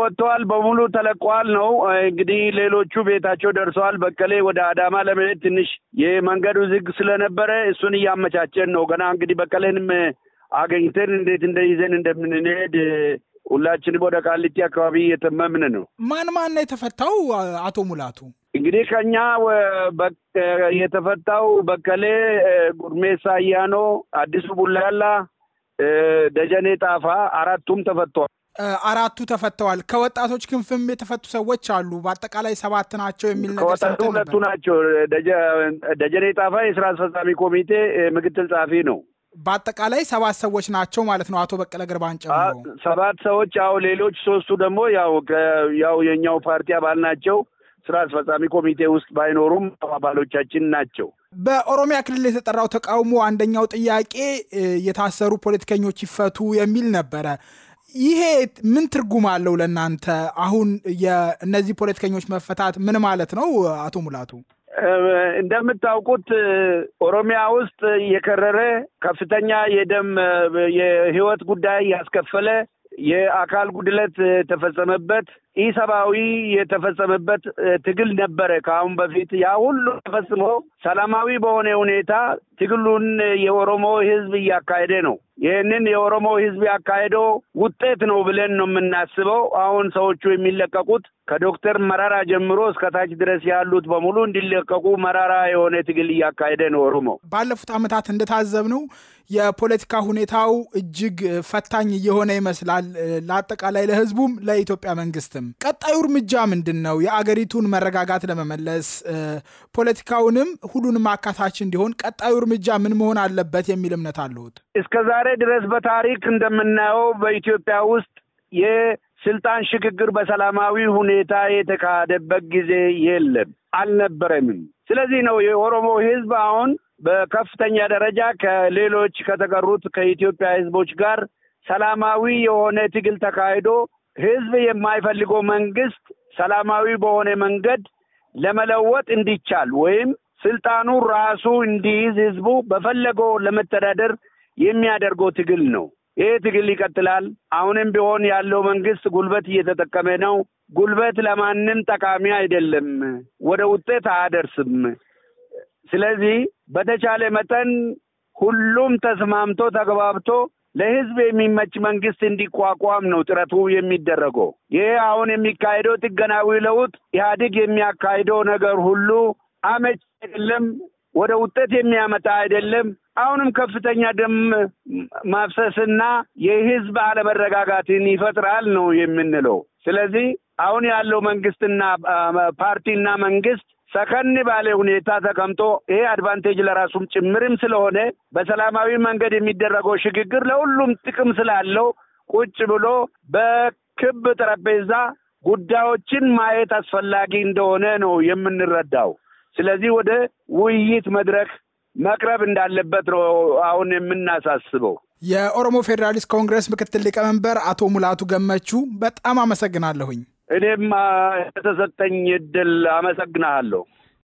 ወጥተዋል። በሙሉ ተለቋዋል ነው እንግዲህ። ሌሎቹ ቤታቸው ደርሰዋል። በቀሌ ወደ አዳማ ለመሄድ ትንሽ የመንገዱ ዝግ ስለነበረ እሱን እያመቻቸን ነው። ገና እንግዲህ በቀሌንም አገኝተን እንዴት እንደይዘን እንደምንሄድ ሁላችንም ወደ ቃሊቲ አካባቢ እየተመምን ነው። ማን ማን ነው የተፈታው? አቶ ሙላቱ እንግዲህ ከኛ የተፈታው በቀሌ ጉርሜሳ፣ አያኖ፣ አዲሱ ቡላላ፣ ደጀኔ ጣፋ አራቱም ተፈቷል። አራቱ ተፈተዋል። ከወጣቶች ክንፍም የተፈቱ ሰዎች አሉ። በአጠቃላይ ሰባት ናቸው የሚል ነገር ከወጣቱ ሁለቱ ናቸው። ደጀኔ ጣፋ የስራ አስፈጻሚ ኮሚቴ ምክትል ጸሐፊ ነው። በአጠቃላይ ሰባት ሰዎች ናቸው ማለት ነው። አቶ በቀለ ገርባን ጨምሮ ሰባት ሰዎች። ያው ሌሎች ሶስቱ ደግሞ ያው ያው የእኛው ፓርቲ አባል ናቸው። ስራ አስፈጻሚ ኮሚቴ ውስጥ ባይኖሩም አባሎቻችን ናቸው። በኦሮሚያ ክልል የተጠራው ተቃውሞ አንደኛው ጥያቄ የታሰሩ ፖለቲከኞች ይፈቱ የሚል ነበረ። ይሄ ምን ትርጉም አለው ለእናንተ? አሁን የእነዚህ ፖለቲከኞች መፈታት ምን ማለት ነው? አቶ ሙላቱ እንደምታውቁት ኦሮሚያ ውስጥ የከረረ ከፍተኛ የደም የህይወት ጉዳይ ያስከፈለ የአካል ጉድለት ተፈጸመበት ኢሰብአዊ የተፈጸመበት ትግል ነበረ። ከአሁን በፊት ያ ሁሉ ተፈጽሞ ሰላማዊ በሆነ ሁኔታ ትግሉን የኦሮሞ ህዝብ እያካሄደ ነው። ይህንን የኦሮሞ ህዝብ ያካሄደው ውጤት ነው ብለን ነው የምናስበው። አሁን ሰዎቹ የሚለቀቁት ከዶክተር መራራ ጀምሮ እስከ ታች ድረስ ያሉት በሙሉ እንዲለቀቁ መራራ የሆነ ትግል እያካሄደ ነው ኦሮሞ። ባለፉት ዓመታት እንደታዘብነው የፖለቲካ ሁኔታው እጅግ ፈታኝ እየሆነ ይመስላል፣ ለአጠቃላይ ለህዝቡም ለኢትዮጵያ መንግስትም ቀጣዩ እርምጃ ምንድን ነው? የአገሪቱን መረጋጋት ለመመለስ ፖለቲካውንም ሁሉንም አካታች እንዲሆን ቀጣዩ እርምጃ ምን መሆን አለበት የሚል እምነት አለሁት። እስከ ዛሬ ድረስ በታሪክ እንደምናየው በኢትዮጵያ ውስጥ የስልጣን ሽግግር በሰላማዊ ሁኔታ የተካሄደበት ጊዜ የለም አልነበረምም። ስለዚህ ነው የኦሮሞ ህዝብ አሁን በከፍተኛ ደረጃ ከሌሎች ከተቀሩት ከኢትዮጵያ ህዝቦች ጋር ሰላማዊ የሆነ ትግል ተካሂዶ ህዝብ የማይፈልገው መንግስት ሰላማዊ በሆነ መንገድ ለመለወጥ እንዲቻል ወይም ስልጣኑ ራሱ እንዲይዝ ህዝቡ በፈለገው ለመተዳደር የሚያደርገው ትግል ነው። ይህ ትግል ይቀጥላል። አሁንም ቢሆን ያለው መንግስት ጉልበት እየተጠቀመ ነው። ጉልበት ለማንም ጠቃሚ አይደለም፣ ወደ ውጤት አያደርስም። ስለዚህ በተቻለ መጠን ሁሉም ተስማምቶ ተግባብቶ ለህዝብ የሚመች መንግስት እንዲቋቋም ነው ጥረቱ የሚደረገው። ይህ አሁን የሚካሄደው ጥገናዊ ለውጥ ኢህአዴግ የሚያካሂደው ነገር ሁሉ አመች አይደለም፣ ወደ ውጤት የሚያመጣ አይደለም። አሁንም ከፍተኛ ደም ማፍሰስና የህዝብ አለመረጋጋትን ይፈጥራል ነው የምንለው። ስለዚህ አሁን ያለው መንግስትና ፓርቲና መንግስት ሰከን ባለ ሁኔታ ተቀምጦ ይሄ አድቫንቴጅ ለራሱም ጭምርም ስለሆነ በሰላማዊ መንገድ የሚደረገው ሽግግር ለሁሉም ጥቅም ስላለው ቁጭ ብሎ በክብ ጠረጴዛ ጉዳዮችን ማየት አስፈላጊ እንደሆነ ነው የምንረዳው። ስለዚህ ወደ ውይይት መድረክ መቅረብ እንዳለበት ነው አሁን የምናሳስበው። የኦሮሞ ፌዴራሊስት ኮንግረስ ምክትል ሊቀመንበር አቶ ሙላቱ ገመቹ በጣም አመሰግናለሁኝ። እኔም የተሰጠኝ እድል አመሰግናሃለሁ።